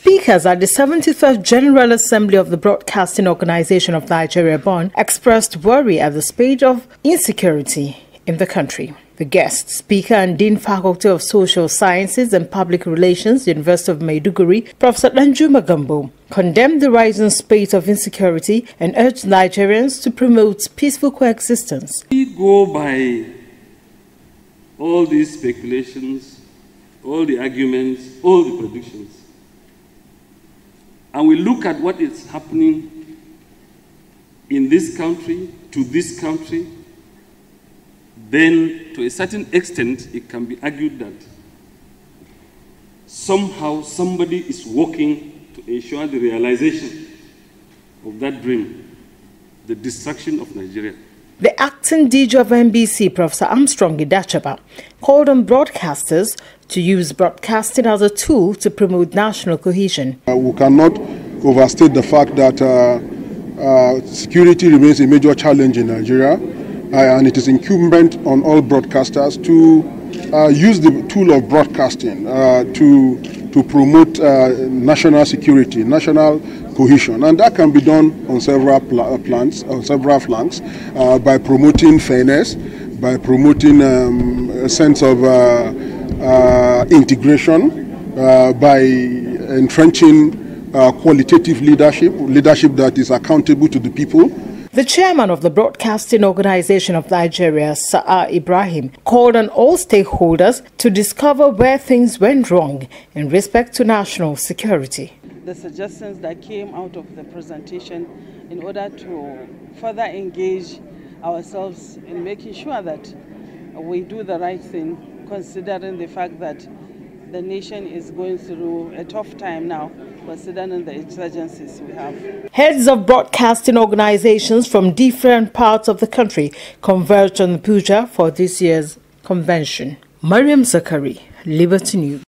Speakers at the seventy-first General Assembly of the Broadcasting Organization of Nigeria, Bonn, expressed worry at the state of insecurity in the country. The guest speaker and Dean Faculty of Social Sciences and Public Relations, University of Maiduguri, Professor Lanjuma Gambo, condemned the rising spate of insecurity and urged Nigerians to promote peaceful coexistence. We go by all these speculations, all the arguments, all the predictions and we look at what is happening in this country, to this country, then to a certain extent, it can be argued that somehow somebody is working to ensure the realization of that dream, the destruction of Nigeria. The acting DJ of NBC, Professor Armstrong Idachaba, called on broadcasters to use broadcasting as a tool to promote national cohesion. Uh, we cannot overstate the fact that uh, uh, security remains a major challenge in Nigeria, uh, and it is incumbent on all broadcasters to uh, use the tool of broadcasting uh, to to promote uh, national security, national cohesion, and that can be done on several pl uh, plans, on several flanks, uh, by promoting fairness, by promoting um, a sense of integration, by entrenching qualitative leadership, leadership that is accountable to the people. The chairman of the Broadcasting Organization of Nigeria, Sa'a Ibrahim, called on all stakeholders to discover where things went wrong in respect to national security. The suggestions that came out of the presentation in order to further engage ourselves in making sure that we do the right thing, considering the fact that the nation is going through a tough time now, considering the insurgencies we have. Heads of broadcasting organizations from different parts of the country converged on Puja for this year's convention. Mariam Zakari, Liberty News.